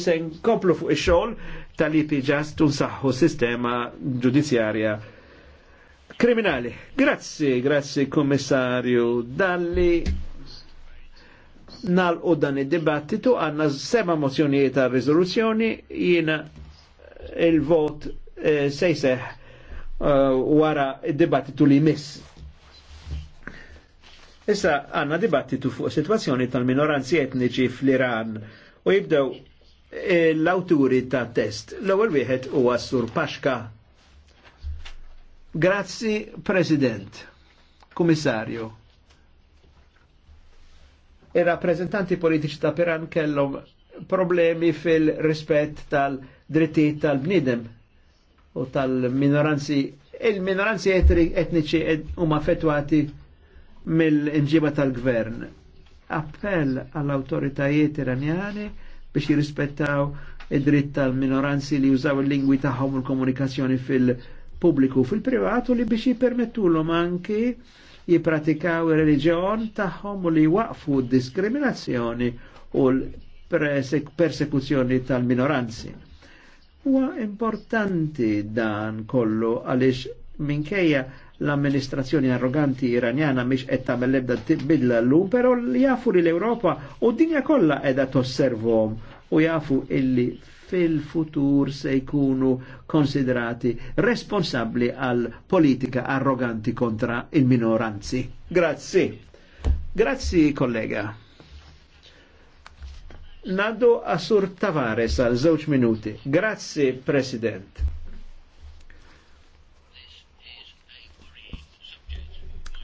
se nkomplu fuq ix-xogħol tal-IP ġast unsaħħu sistema ġudizzjarja kriminali. Grazzi, grazzi kummissarju Dalli. Nalqu dan id-dibattitu għanna sema mozzjonijiet ta' riżoluzzjoni jiena il-vot eh, sejseħ eh, wara id-dibattitu li miss. Issa għanna dibattitu fuq situazzjoni tal-minoranzi etniċi fl-Iran u jibdew l-awturi ta' test. L-ewwel wieħed huwa Sur Paxka. Grazzi President, Kummissarju. Ir-rappreżentanti politiċi ta' Piran kellhom problemi fil-rispett tal-drittijiet tal-bnidem u tal-minoranzi il-minoranzi etniċi huma fetwati mill inġiba tal-gvern. Appell għall-autoritajiet iranjani biex jirrispettaw id-dritt tal-minoranzi li jużaw il-lingwi tagħhom u l-komunikazzjoni fil-pubbliku fil-privatu li biex jipermettulhom anki jipratikaw ir-reliġjon tagħhom u li waqfu diskriminazzjoni u l-persekuzzjoni tal-minoranzi. Huwa importanti dan kollu għaliex minkejja l-amministrazzjoni arroganti iranjana miex qed tagħmel ebda tibidla llum, però jafu li l-Ewropa u d-dinja kollha qiegħda tosservhom u jafu illi fil-futur se jkunu konsiderati responsabbli għal politika arroganti kontra il-minoranzi. Grazzi. Grazzi, kollega. Nando assur Tavares għal żewġ minuti. Grazzi, President.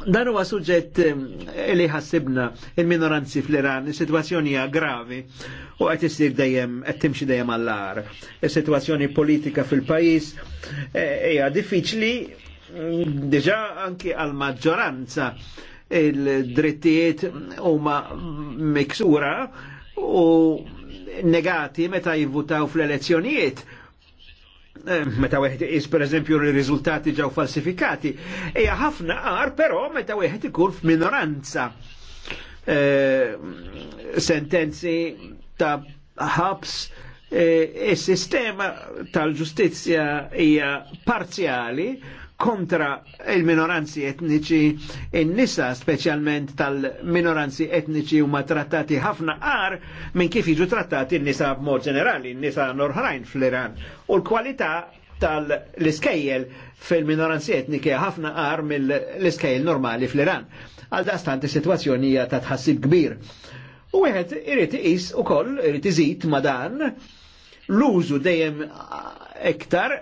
Dan huwa suġġett ehm, li ħassibna il-minoranzi fl-Iran, situazzjoni sitwazzjoni hija gravi u qed isir dejjem qed timxi dejjem għall-ar. Is-sitwazzjoni politika fil-pajjiż eh, hija diffiċli diġà anki għal-maġġoranza il-drittijiet huma miksura u negati meta jivvutaw fl-elezzjonijiet Eh, meta weħed is eżempju r-riżultati ġew falsifikati. Hija ħafna qar, però meta weħed ikun f'minoranza eh, sentenzi ta' ħabs il-sistema e, e tal-ġustizja hija parzjali kontra il-minoranzi etniċi, in-nisa speċjalment tal-minoranzi etniċi huma trattati ħafna qar minn kif jiġu trattati n-nisa b'mod ġenerali, n-nisa norħrajn fl-Iran. U l-kwalità tal-iskejjel fil-minoranzi etniki ħafna qar mill-iskejjel normali fl-Iran. Għal dastant is-sitwazzjoni hija ta' tħassib kbir. U għed irrit is u koll, irrit iżid ma dan, l-użu dejjem iktar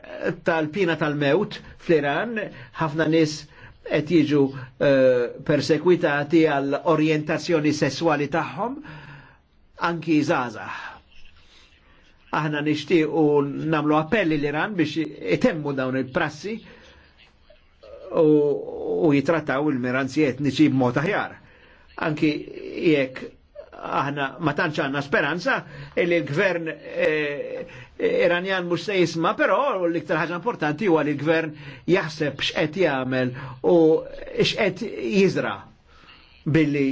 tal-pina tal-mewt fl-Iran, ħafna nis qed jiġu eh, persekwitati għal orientazzjoni sessuali tagħhom anki żgħażagħ. Aħna nixtiequ namlu appelli l-Iran biex itemmu dawn il-prassi u, u jitrattaw il-miranzi etniċi b'mod aħjar. Anki jekk aħna ma tantx għandna speranza li l-gvern eh, Iranjan mhux se jisma, però l-iktar ħaġa importanti huwa li l-gvern jaħseb x'qed jagħmel u x'qed jiżra billi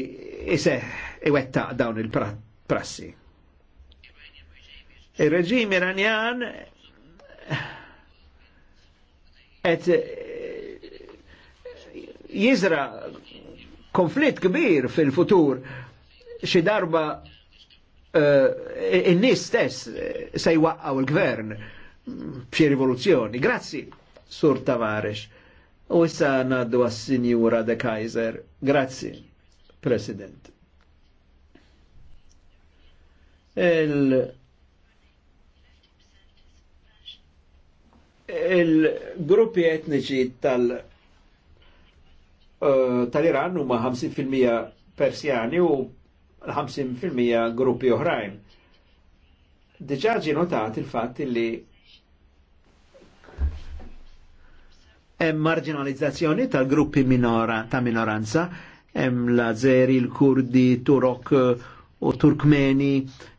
iseħ iwettaq dawn il-prassi. Il-reġim iranjan qed eh, jizra konflitt kbir fil-futur xi darba uh, in-nies stess eh, se jwaqqgħu il-gvern b'xi mm, rivoluzzjoni. Grazzi, Sur Tavares. U issa ngħaddu għas-Sinjura de Kaiser. Grazzi, President. Il il-gruppi etniċi tal uh, tal-Iran huma 50% Persjani u l-50% gruppi oħrajn. Diġaġi notat il-fatt li hemm marginalizzazzjoni tal-gruppi minora, ta' minoranza, hemm l-Azeri, l-Kurdi, Turok eh, u Turkmeni,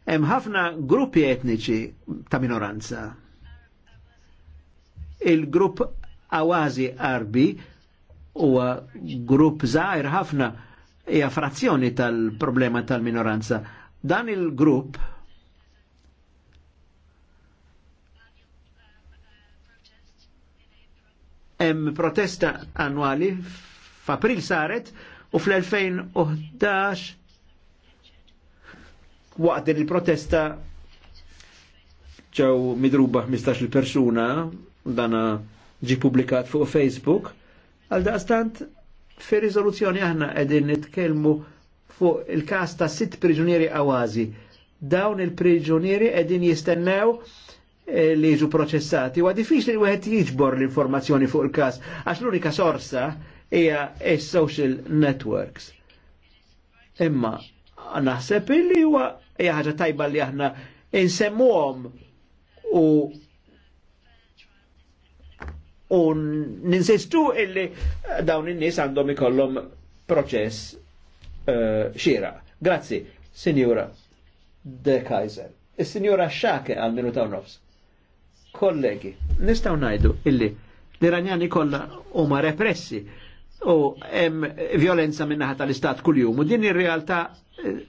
hemm ħafna gruppi etniċi ta' minoranza. Il-grupp Awazi Arbi huwa grupp żgħir ħafna hija frazzjoni tal-problema tal-minoranza. Dan il-grupp hemm protesta annwali f'April saret u fl-2011 waqt din il-protesta ġew midruba 15 persuna dana ġi publikat fuq Facebook għal daqstant Fi rizoluzzjoni aħna qegħdin nitkellmu fuq il-każ ta' sitt priġunieri għawazi. Dawn il-priġunieri qegħdin jistennew eh, li jiġu proċessati. U diffiċli li wieħed jiġbor l-informazzjoni fuq il-każ għax l-unika sorsa hija s-social networks. Imma naħseb li huwa hija ħaġa tajba li aħna insemmuhom u u ninsistu illi dawn in-nies għandhom ikollhom proċess eh, xira. Grazzi, Sinjura De Kaiser. Is-Sinjura Xake għal minu ta' nofs. Kollegi, nistaw najdu illi l-Iranjani kollha huma repressi u hemm violenza minnaħa tal-istat kuljum u din ir-realtà eh,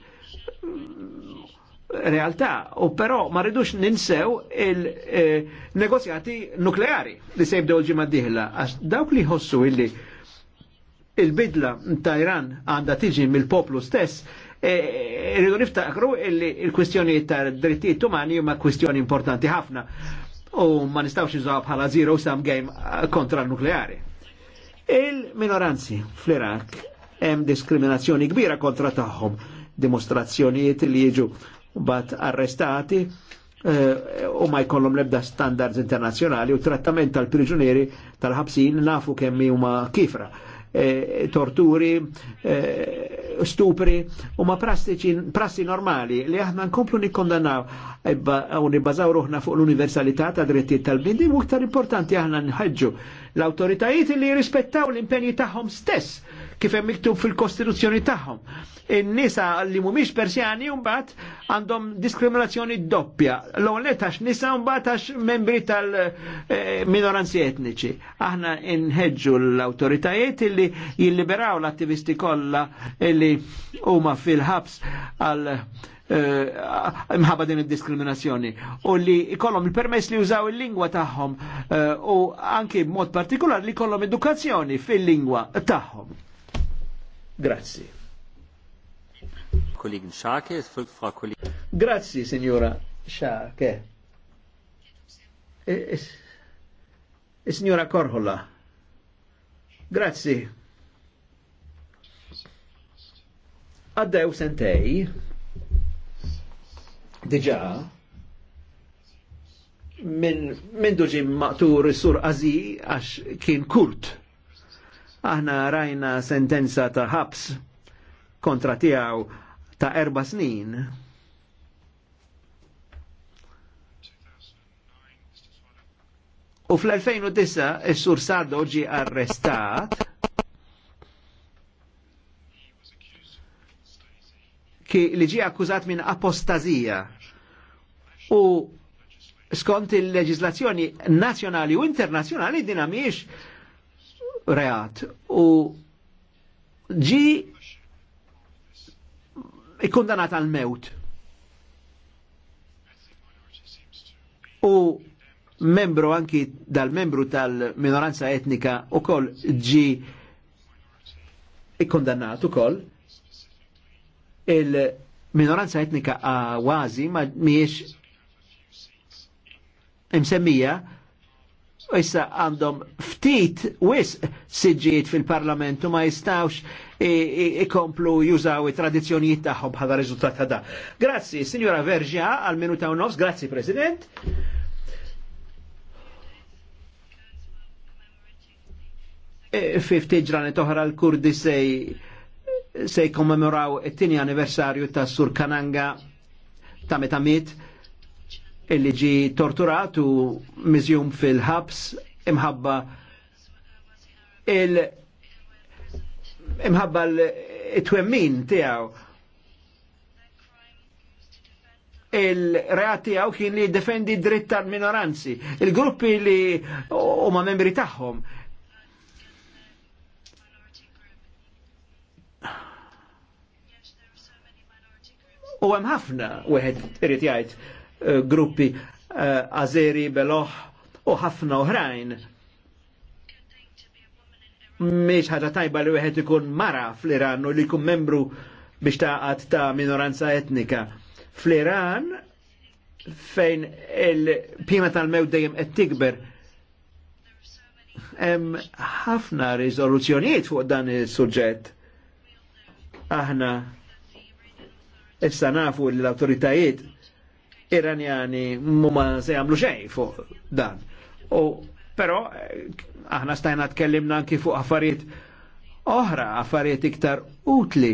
realtà, u però ma ridux ninsew il-negozjati eh, nukleari li se jibdew l għax dawk li jħossu illi il-bidla ta' Iran għanda tiġi mill-poplu stess, eh, rridu niftakru illi il-kwistjoni ta' drittijiet umani huma kwistjoni importanti ħafna u ma nistawx iżgħu bħala zero sam game eh, kontra l-nukleari. Il-minoranzi fl irak hemm diskriminazzjoni kbira kontra tagħhom dimostrazzjonijiet li jiġu bat arrestati eh, u ma jkollhom l-ebda standards internazzjonali u trattament tal-priġunieri tal-ħabsin nafu kemm huma kifra. Eh, torturi, eh, stupri, u ma prassi normali li aħna nkomplu nikkondannaw e u nibbażaw ruħna fuq l-universalità ta' drittijiet tal bindi u iktar importanti aħna nħagġu l-autoritajiet li jirrispettaw l-impenji tagħhom stess kif hemm miktub fil-Kostituzzjoni tagħhom. In-nisa li mhumiex persjani mbagħad għandhom diskriminazzjoni doppja. L-ewwel għax nisa mbagħad għax membri tal-minoranzi eh, etniċi. Aħna nħeġġu l-awtoritajiet li jilliberaw l-attivisti kollha li huma fil-ħabs għal eh, imħabba din id-diskriminazzjoni u li kollom il-permess li użaw il-lingwa tagħhom eh, u anke b'mod partikolar li kollom edukazzjoni fil-lingwa tagħhom. Grazzi. Kollegin Schake, Frau Kollegin. signora Schake. E, e, e, signora Korhola. Grazzi. Għaddew sentei. diġa, Min, min duġi matur sur azi għax kien kurt Aħna rajna sentenza ta' ħabs kontra tiegħu ta' erba snin. U fl-2009 is-sur Sardo ġi arrestat ki li ġi akkużat minn apostazija. U skont il-leġislazzjoni nazjonali u internazjonali dinamiex reat u ġi ikkondanat għal mewt. U membru anki dal-membru tal-minoranza etnika u kol ġi ikkondannat u kol il-minoranza etnika għawazi ma miex imsemmija issa għandhom ftit wis siġijiet fil-parlament u ma jistawx ikomplu jużaw it-tradizjonijiet tagħhom bħala riżultat ta' da. Grazzi, Signora Verġa, għal minuta u nofs, grazzi President. E, fifti ġranet oħra l-Kurdi se jkommemoraw it-tini anniversarju ta' Sur Kananga ta' metamit. mit illi ġi torturat u miżjum fil-ħabs imħabba il imħabba l-twemmin tiegħu. il-reat tiegħu kien li defendi dritt tal-minoranzi, il-gruppi li huma membri tagħhom. U għem ħafna u għed jgħid Eh, gruppi eh, Azeri, Beloħ u ħafna oħrajn. Miex ħaġa tajba li wieħed ikun mara fl-Iran u li jkun membru biex taqat ta' minoranza etnika. Fl-Iran fejn il-pima tal-mew dejjem qed tikber hemm ħafna riżoluzzjonijiet fuq dan is-suġġett. Aħna issa nafu l-awtoritajiet iranjani mumma se jamlu xej fuq dan. U pero aħna stajna tkellimna anki fuq affarijiet oħra, affarijiet iktar utli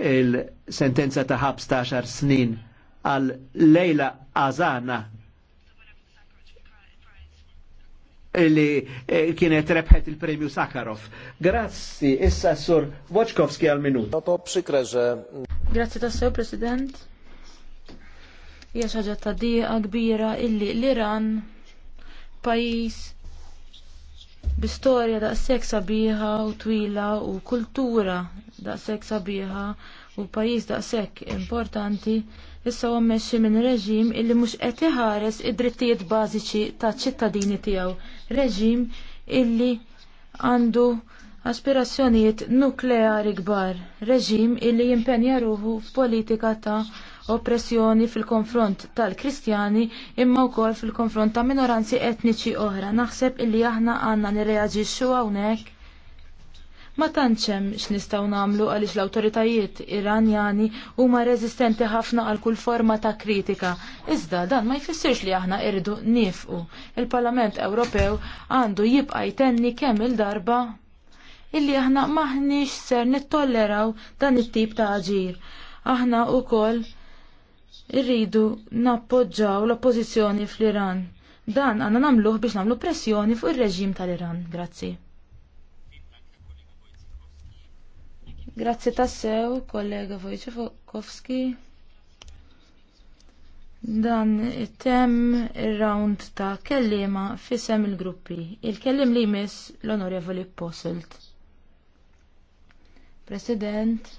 il-sentenza ta' ħabs ta' xar snin għal Lejla Azana li eh, kienet rebħet il-premju Sakharov. Grazzi, issa sur Wojtkowski għal minut. Grazzi tassew, President hija xi ħaġa ta' dieqa kbira illi l-Iran pajjiż bi storja daqshekk sabiħa u twila u kultura daqshekk sabiħa u pajjiż daqshekk importanti issa huwa mmexxi minn reġim illi mhux qed iħares id-drittijiet bażiċi taċ-ċittadini tiegħu. Reġim illi għandu aspirazzjonijiet nukleari kbar. Reġim illi jimpenja ruħu f'politika ta' oppressjoni fil-konfront tal-Kristjani imma wkoll fil-konfront ta' minoranzi etniċi oħra. Naħseb illi aħna għandna nirreaġixxu hawnhekk ma tantx x'nistgħu nagħmlu għaliex l-awtoritajiet Iranjani huma reżistenti ħafna għal kull forma ta' kritika. Iżda dan ma jfissirx li aħna irdu nifqu. Il-Parlament Ewropew għandu jibqa' jtenni kemm il-darba illi aħna maħniex ser nittolleraw dan it-tip ta' aġir. Aħna wkoll irridu nappoġġaw l-oppożizzjoni fl-Iran. Dan għanna namluħ biex namlu pressjoni fuq ir-reġim tal-Iran. Grazzi. Grazzi tassew, kollega Wojciechowski. Dan it-tem ir-round ta' kellima fissem il-gruppi. Il-kellim li jmiss l-onorevoli Posselt. President.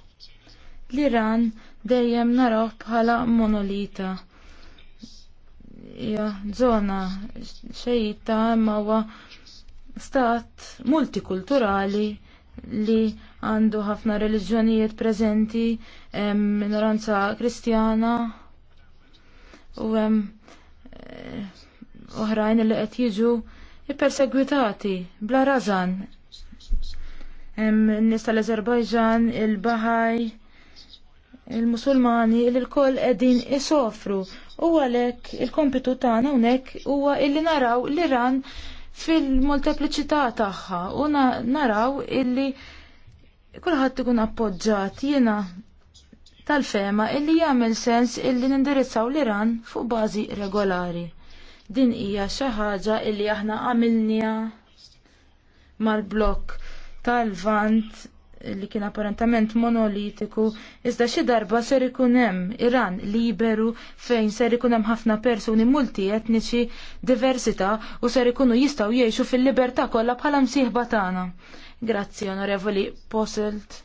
L-Iran dejjem naraw bħala monolita. Ja, zona xejta imma huwa stat multikulturali li għandu ħafna reliġjonijiet preżenti, minoranza kristjana u hemm eh, oħrajn li qed jiġu ippersegwitati bla rażan. Hemm nies tal-Azerbajġan, il-Baħaj, il-Musulmani li l-koll qegħdin jisofru u għalhekk il-kompitu tagħna hawnhekk huwa illi naraw l-Iran fil-multipliċità tagħha u naraw illi kulħadd ikun appoġġat jiena tal-fema illi jagħmel sens illi nindirizzaw l-Iran fuq bażi regolari. Din hija xi ħaġa illi aħna għamilnija mal-blokk tal-Vant li kien apparentament monolitiku, iżda xi darba ser ikun hemm Iran liberu fejn ser ikun hemm ħafna persuni multietniċi, diversità u ser ikunu jistgħu jgħixu fil-libertà kollha bħala msieħba tagħna. Grazzi Onorevoli Poselt.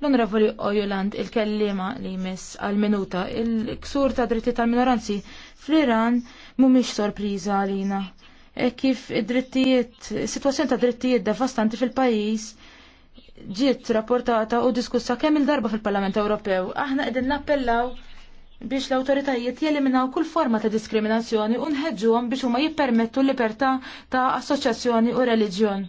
L-Onorevoli Ojoland il-kellima li jmiss għal-minuta il-ksur ta' dritti tal-minoranzi fl-Iran mhumiex sorpriża għalina. E kif id-drittijiet, situazzjoni ta' drittijiet devastanti fil-pajjiż ġiet rapportata u diskussa kemm il-darba fil-Parlament Ewropew. Aħna qegħdin nappellaw biex l-autoritajiet jeliminaw kull forma ta' diskriminazzjoni u nħeġġuhom biex huma jippermettu l-libertà ta' assoċjazzjoni u reliġjon.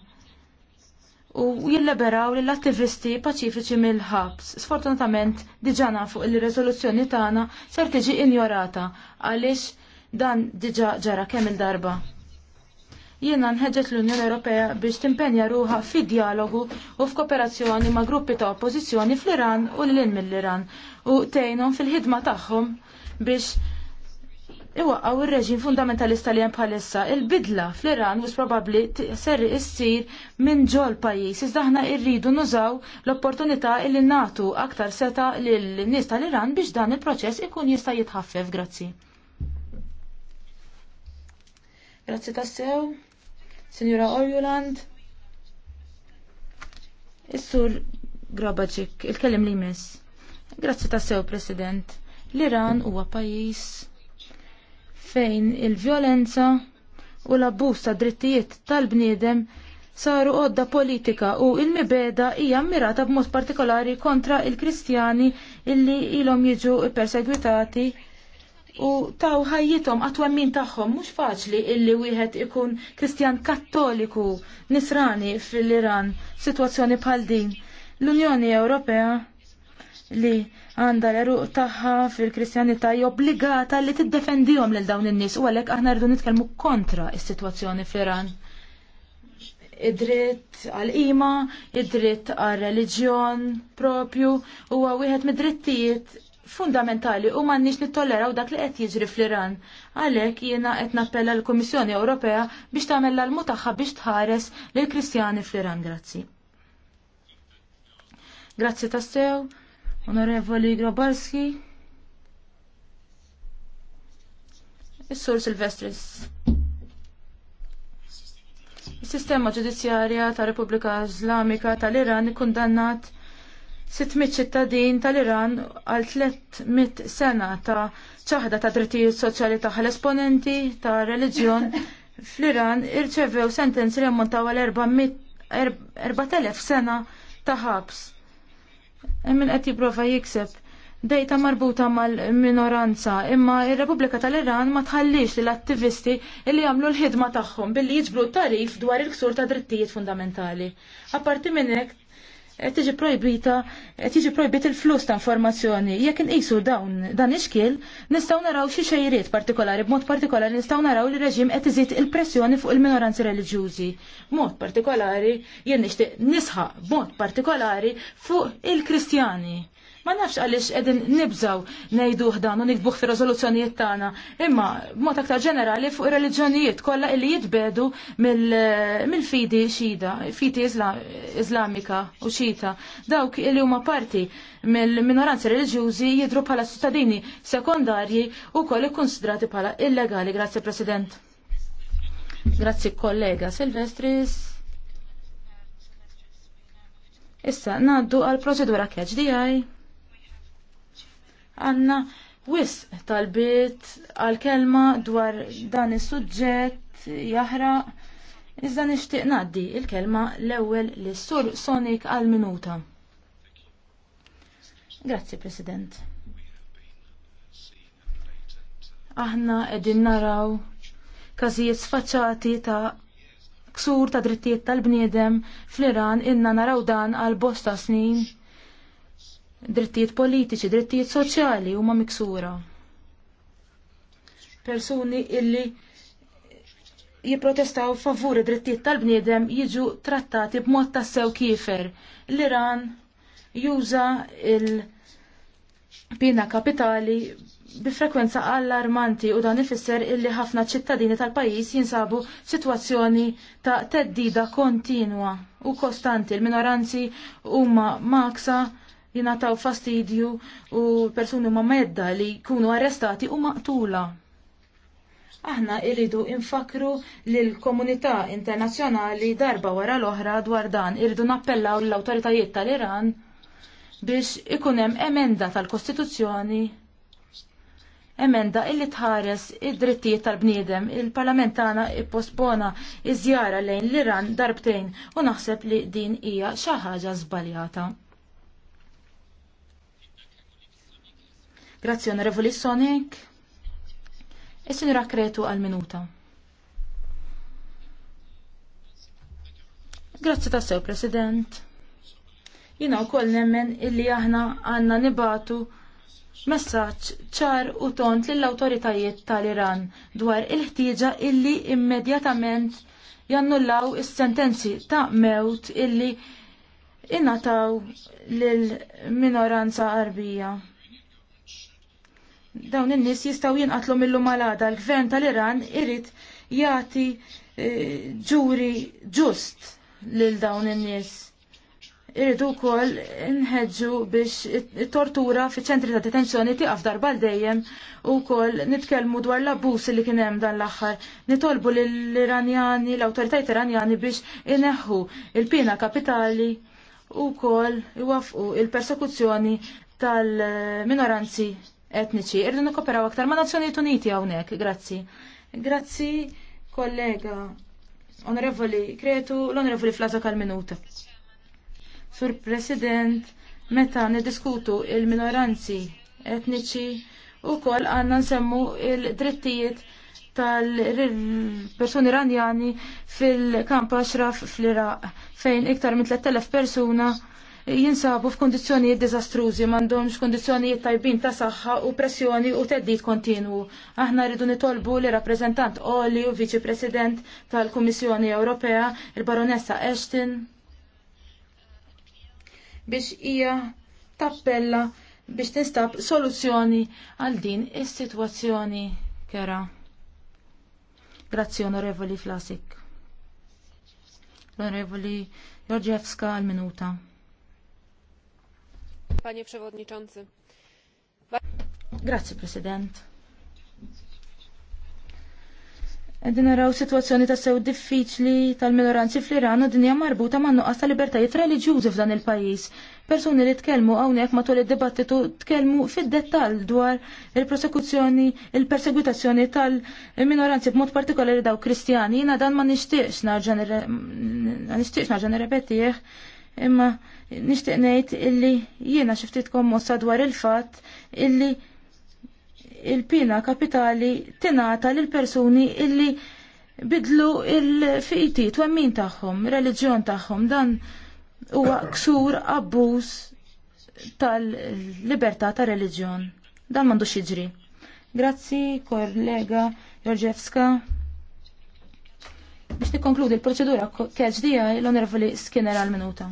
U jilliberaw lill attivisti paċifiċi mill-ħabs. Sfortunatament diġà nafu li riżoluzzjoni tagħna ser tiġi injorata għaliex dan diġà ġara kemm il-darba. Jiena nħeġġet l-Unjoni Ewropea biex timpenja ruħa fi dialogu u f'kooperazzjoni ma' gruppi ta' oppożizzjoni fl-Iran u l-lin mill-Iran u tgħinhom fil-ħidma tagħhom biex iwaqgħu ir-reġim fundamentalista li hemm bħalissa il-bidla fl-Iran mhux probabbli serri issir minn ġol pajjiż iżda aħna rridu nużaw l-opportunità li nagħtu aktar seta lin-nies tal-Iran biex dan il-proċess ikun jista' jitħaffef grazzi. Grazzi tassew. Signora Orjuland. Is-sur Grabaċik, il-kellim li jmiss. Grazzi ta' sew, President. L-Iran huwa pajjiż fejn il-vjolenza u l-abbuż ta' drittijiet tal-bniedem saru għodda politika u il-mibeda hija mirata b'mod partikolari kontra il-Kristjani illi ilhom jiġu perseguitati u taw ħajjithom għatwemmin tagħhom mhux faċli illi wieħed ikun Kristjan Kattoliku nisrani fil-Iran situazzjoni bħal din. L-Unjoni Ewropea li għandha l-eruq tagħha fil-Kristjanità hija obbligata li defendijom lil dawn in-nies u għalhekk aħna rridu nitkellmu kontra is-sitwazzjoni fil iran Id-dritt għal-qima, id-dritt għal-reliġjon propju, huwa wieħed mid-drittijiet fundamentali u m'għandniex nittolleraw dak li qed jiġri fl-Iran. Għalhekk jiena qed nappella l-Kummissjoni Ewropea biex tagħmel l-almu tagħha biex tħares lil Kristjani fl-Iran. Grazzi. Grazzi tassew, Onorevoli Grobarski. Is-Sur Silvestris. Is-sistema ġudizzjarja ta' Repubblika Islamika tal-Iran ikkundannat 600 ċittadin tal-Iran għal 300 sena ta' ċaħda ta' drittijiet soċjali ta' esponenti ta' reliġjon fl-Iran irċevew sentenzi li ammontaw għal 4000 er- sena ta' ħabs. Emmin qed jipprova jikseb dejta marbuta mal-minoranza, imma ir-Repubblika tal-Iran ma tħallix li l-attivisti li jagħmlu l-ħidma tagħhom billi jiġbru tarif dwar il-ksur ta' drittijiet fundamentali. Apparti minn hekk tiġi projbita, tiġi projbit il-flus ta' informazzjoni. Jekk inqisu dawn dan ixkiel, nistgħu naraw xi xejriet partikolari, b'mod partikolari nistgħu naraw li reġim qed iżid il-pressjoni fuq il-minoranzi reliġjużi. Mod partikolari jien nixtieq nisħaq b'mod partikolari fuq il-Kristjani. Ma nafx għaliex qegħdin nibżaw ngħiduh dan u nikbuħ fi riżoluzzjonijiet tagħna, imma b'mod aktar ġenerali fuq ir-reliġjonijiet kollha illi jitbedu mill-fidi xhieda, fidi iżlamika u xita. Dawk illi huma parti mill-minoranzi reliġjużi jidhru bħala ċittadini sekondarji u koll ikkonsidrati bħala illegali. Grazzi President. Grazzi kollega Silvestris. Issa, naddu għal proċedura catch di għaj għanna wis talbiet għal-kelma dwar dan is-suġġett jaħra, Iżda nixtieq ngħaddi l kelma l-ewwel lis sur Sonic għal minuta. Grazzi President. Aħna qegħdin naraw każijiet sfaċċati ta' ksur ta' drittijiet tal-bniedem fl-Iran inna naraw dan għal bosta snin drittijiet politiċi, drittijiet soċjali huma miksura. Persuni illi jipprotestaw favur id-drittijiet tal-bniedem jiġu trattati b'mod tassew kiefer. L-Iran juża il-pina kapitali bi frekwenza allarmanti u dan ifisser illi ħafna ċittadini tal-pajis jinsabu situazzjoni ta' teddida kontinwa u kostanti l-minoranzi huma maksa jinataw fastidju u persuni ma medda li jkunu arrestati u maqtula. Aħna irridu infakru lil komunità internazzjonali darba wara l-oħra dwar dan irridu nappellaw l-awtoritajiet tal-Iran biex ikunem emenda tal-Kostituzzjoni emenda illi tħares id-drittijiet tal-bniedem, il-Parlament tagħna ippospona iż-żjara lejn l-Iran darbtejn u naħseb li din hija xi ħaġa żbaljata. Grazzi onorevoli Sonic. Is-sinjura e Kretu għal-minuta. Grazzi ta' sew, President. Jina u koll nemmen illi aħna għanna nibatu messaċ ċar u tont lill-autoritajiet tal-Iran dwar il-ħtieġa illi immedjatament jannullaw is-sentenzi ta' mewt illi innataw lill minoranza arbija dawn in-nies jistgħu jinqatlu millu malada. L-gvern tal-Iran irid jagħti eh, ġuri ġust lil dawn in-nies. Irid ukoll inħeġġu biex it-tortura fi ċentri ta' detenzjoni tiqaf darba dejjem u wkoll nitkellmu dwar l-abbuż li kien hemm dan l-aħħar. Nitolbu lill-Iranjani, l-awtoritajiet Iranjani biex ineħħu il-pina kapitali u wkoll iwafqu il-persekuzzjoni tal-minoranzi etniċi. Irridu nikoperaw aktar ma' Nazzjonijiet Uniti hawnhekk, grazzi. Grazzi, kollega. Onorevoli Kretu, l-Onorevoli Flaza kal-minuta. Sur President, meta nidiskutu il-minoranzi etniċi u koll għanna nsemmu il-drittijiet tal-personi iranjani fil-kamp Ashraf fl-Iraq fejn iktar minn 3000 persuna jinsabu f'kondizjonijiet dizastrużi, m'għandhomx kondizjonijiet tajbin ta' saħħa u pressjoni u teddit kontinwu. Aħna rridu nitolbu li rappresentant Oli u Viċi President tal-Kummissjoni Ewropea, il-Baronessa Ashton, biex hija tappella biex tinstab soluzzjoni għal din is-sitwazzjoni kera. Grazzi onorevoli Flasik. L-onorevoli Jorġevska għal-minuta. Panie Przewodniczący. Grazie, President. Din naraw situazzjoni ta' sew diffiċli tal-minoranzi fl-Iran u dinja marbuta ma' nuqqas ta' libertajiet reliġjużi f'dan il-pajjiż. Persuni li tkellmu hawnhekk matul id-dibattitu tkellmu fid-dettall dwar il-prosekuzzjoni, il-persegutazzjoni tal-minoranzi b'mod partikolari daw Kristjani, jiena dan ma nixtieqx narġa' nixtieqx narġa' nirrepetih imma nixtieq ngħid illi jiena xi ftit kommossa dwar il-fatt illi il-pina kapitali tingħata lil persuni illi bidlu il fiti twemmin tagħhom, reliġjon tagħhom dan huwa ksur abbuż tal-libertà ta' reliġjon. Dan m'għandux xiġri. Grazzi, kollega Jorġevska. Biex nikkonkludi l-proċedura keċ dija l-onorevoli Skinner għal-minuta.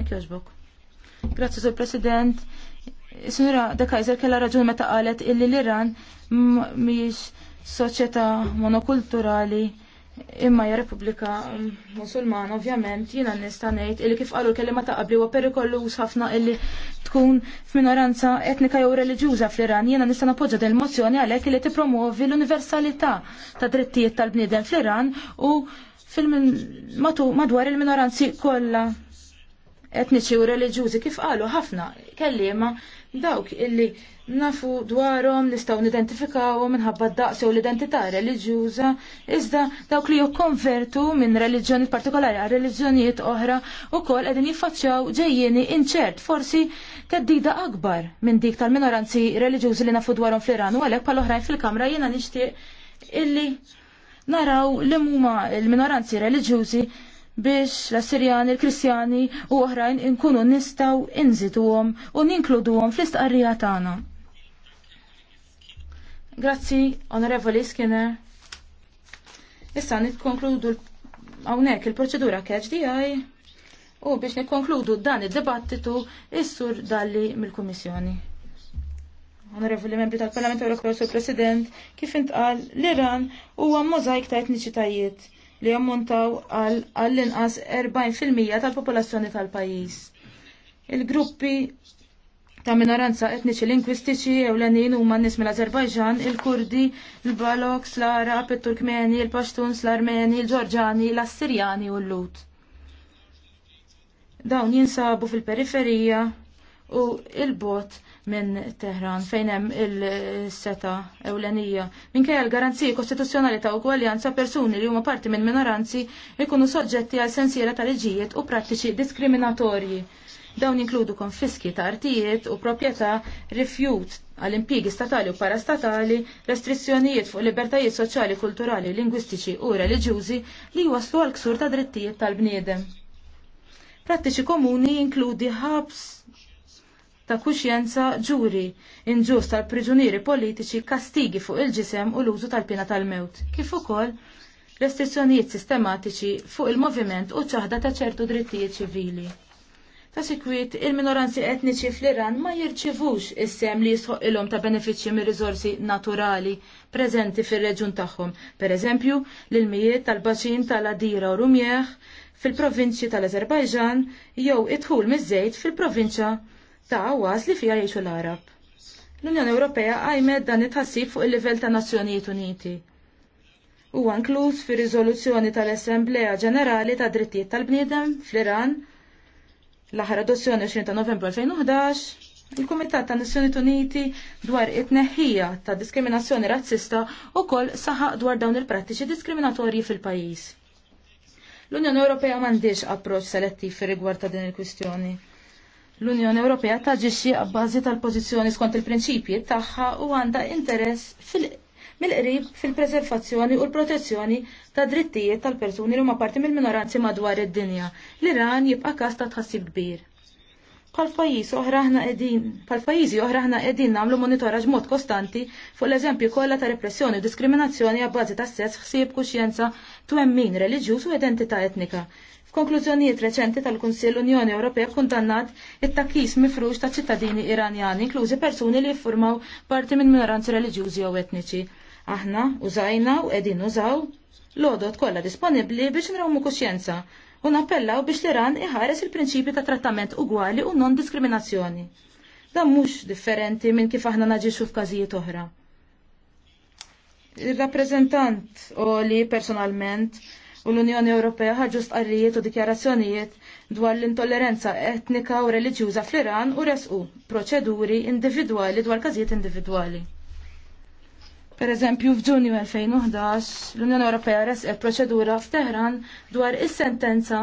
Mek joġbok. Grazzi, Sur President. Sinura, da Kaiser kella raġun meta qalet illi l-Iran miex soċjetà monokulturali imma hija Repubblika Musulmana ovvjament jiena nista' ngħid illi kif qalu kelli ma ta' qabli huwa perikolluż ħafna illi tkun f'minoranza etnika jew reliġjuża fl-Iran. Jiena nista' napoġġa din mozzjoni għalhekk li tippromovi l-universalità ta' drittijiet tal-bniedem fl-Iran u fil madwar il-minoranzi kollha etniċi u reliġjużi kif qalu ħafna kelliema dawk illi nafu dwarhom nistgħu nidentifikawhom minħabba d-daqs jew l-identità reliġjuża iżda dawk li jukkonvertu minn reliġjoni partikolari għal reliġjonijiet oħra wkoll qegħdin jiffaċċjaw ġejjieni inċert forsi teddida akbar minn dik tal-minoranzi reliġjużi li nafu dwarhom fl-Iran u għalhekk bħal-oħrajn fil-kamra jiena nixtieq illi naraw li huma l-minoranzi reliġjużi biex l-Assirjani, l-Kristjani u oħrajn inkunu nistaw inżituhom u għom fl-istqarrija tagħna. Grazzi, Onorevoli Skinner. Issa nikkonkludu hawnhekk il-proċedura catch DI u biex nikkonkludu dan id-dibattitu issur dalli mill-Kummissjoni. Onorevoli membri tal-Parlament Ewropew sur President, kif intqal l-Iran huwa możajk ta' etniċitajiet li jammontaw għal għall-inqas 40% tal-popolazzjoni tal-pajjiż. Il-gruppi ta' minoranza etniċi lingwistiċi ewlenin huma n-nies mill-Azerbajġan, il-Kurdi, il baloks l-Arab, it-Turkmeni, il pashtuns l-Armeni, il-Ġorġani, l-Assirjani u l-Lut. Dawn jinsabu fil-periferija u il-bot minn Teheran fejn hemm il-seta ewlenija. Minkejja l-garanziji kostituzzjonali ta' ugwaljanza persuni li huma parti minn minoranzi jkunu soġġetti għal sensiera ta' liġijiet u prattiċi diskriminatorji. Dawn inkludu konfiski ta' artijiet u proprjetà rifjut għal impjiegi statali u parastatali, restrizzjonijiet fuq libertajiet soċjali, kulturali, lingwistiċi u reliġjużi li waslu għal ksur ta' drittijiet tal-bniedem. Prattiċi komuni jinkludi ħabs ta' kuxjenza ġuri inġust tal-priġunieri politiċi kastigi fuq il-ġisem u l-użu tal-pina tal-mewt. Kif ukoll restrizzjonijiet sistematiċi fuq il-moviment u ċaħda ta' ċertu drittijiet ċivili. Ta' sikwit, il-minoranzi etniċi fl-Iran ma jirċivux is-sem li jisħoq ilhom ta' benefiċċji mir riżorsi naturali preżenti fir-reġjun tagħhom, pereżempju l-ilmijiet tal-baċin tal-Adira u Rumjeħ, fil-provinċi tal-Azerbajġan jew idħul miż-żejt fil-provinċja ta' għaz li fija jgħixu l-Arab. L-Unjoni Ewropea għajme dan it-ħassib fuq il-livell ta' Nazzjonijiet Uniti. U inkluż fi riżoluzzjoni tal-Assemblea Ġenerali ta' Drittijiet tal-Bniedem fl-Iran l-aħħar adozzjoni 20 ta' Novembru 2011 il-Kumitat ta' Nazzjoni Uniti dwar it-neħħija ta' diskriminazzjoni razzista u kol saħaq dwar dawn il-prattiċi diskriminatorji fil-pajis. L-Unjoni Ewropea mandiġ approċ selettiv fir rigward ta' din il-kwistjoni. L-Unjoni Ewropea taġixxi għabbażi tal-pożizzjoni skont il-prinċipji tagħha u għandha interess fil- mill-qrib fil-preservazzjoni u l-protezzjoni ta' drittijiet tal-persuni li huma parti mill-minoranzi madwar id-dinja. L-Iran jibqa' każ ta' tħassib kbir. pal pajjiżi oħra aħna qegħdin nagħmlu monitoraġġ mod kostanti fuq l-eżempju kollha ta' repressjoni u diskriminazzjoni għabbażi ta' sess, ħsieb, kuxjenza, twemmin reliġjuż u identità etnika. F'konklużjonijiet reċenti tal-Kunsill Unjoni Ewropea kundannat it-takkis mifrux ta' ċittadini Iranjani, inklużi persuni li jiffurmaw parti minn minoranzi reliġjużi jew etniċi. Aħna użajna u qegħdin użaw l-odot kollha disponibbli biex nrawmu kuxjenza u nappellaw biex l-Iran iħares il-prinċipju ta' trattament ugwali u non diskriminazzjoni. Dan mhux differenti minn kif aħna naġixxu f'każijiet oħra. Il-rappreżentant oli personalment u l-Unjoni Ewropea ħarġu stqarrijiet u dikjarazzjonijiet dwar l-intolleranza etnika u reliġjuża fl-Iran u resqu proċeduri individwali dwar każijiet individwali. Per eżempju, f'Ġunju 2011 l-Unjoni Ewropea resqet proċedura f'Teħran dwar is-sentenza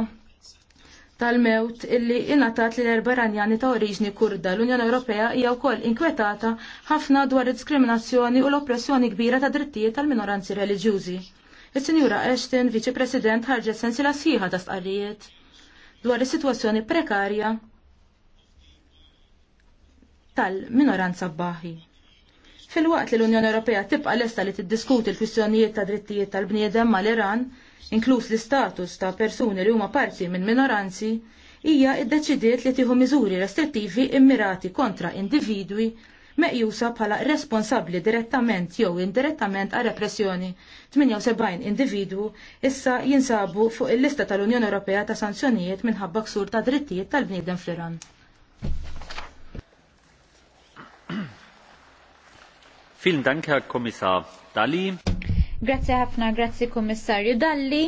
tal-mewt illi inatat li l-erba ranjani ta' oriġni kurda. L-Unjoni Ewropea hija wkoll inkwetata ħafna dwar id diskriminazzjoni u l-oppressjoni kbira ta' drittijiet tal-minoranzi reliġjużi. Is-Sinjura Ashton, Viċi President, ħarġet sensila sħiħa ta' stqarrijiet dwar is-sitwazzjoni prekarja tal-minoranza baħi. Fil-waqt li l-Unjoni Ewropea tibqa lesta li tiddiskuti l-kwistjonijiet ta' drittijiet tal-bniedem mal-Iran, inkluż l-istatus ta' persuni li huma parti minn minoranzi, hija iddeċidiet li tieħu miżuri restrittivi immirati kontra individwi meqjusa bħala responsabbli direttament jew indirettament għal repressjoni. 78 individu issa jinsabu fuq il-lista tal-Unjoni Ewropea ta' sanzjonijiet minħabba ksur ta' drittijiet tal-bniedem fl-Iran. fil Dank, Herr Kommissar Dalli. Grazie ħafna, grazie Kommissarju Dalli.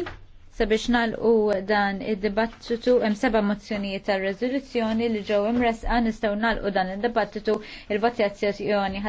Sabiex nalqu dan id-dibattitu hemm seba' mozzjonijiet tar-reżoluzzjoni li ġew imresqa nistgħu nalqu dan id-dibattitu il-votazzjoni